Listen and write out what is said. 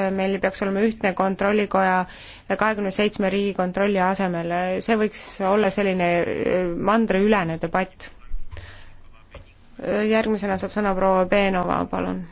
Äh, meil peaks olema ühtne kontrollikoja kahekümne seitsme riigikontrolli asemel, äh, see võiks olla selline äh, mandriülene debatt. järgmisena saab sõna proua Beenova, palun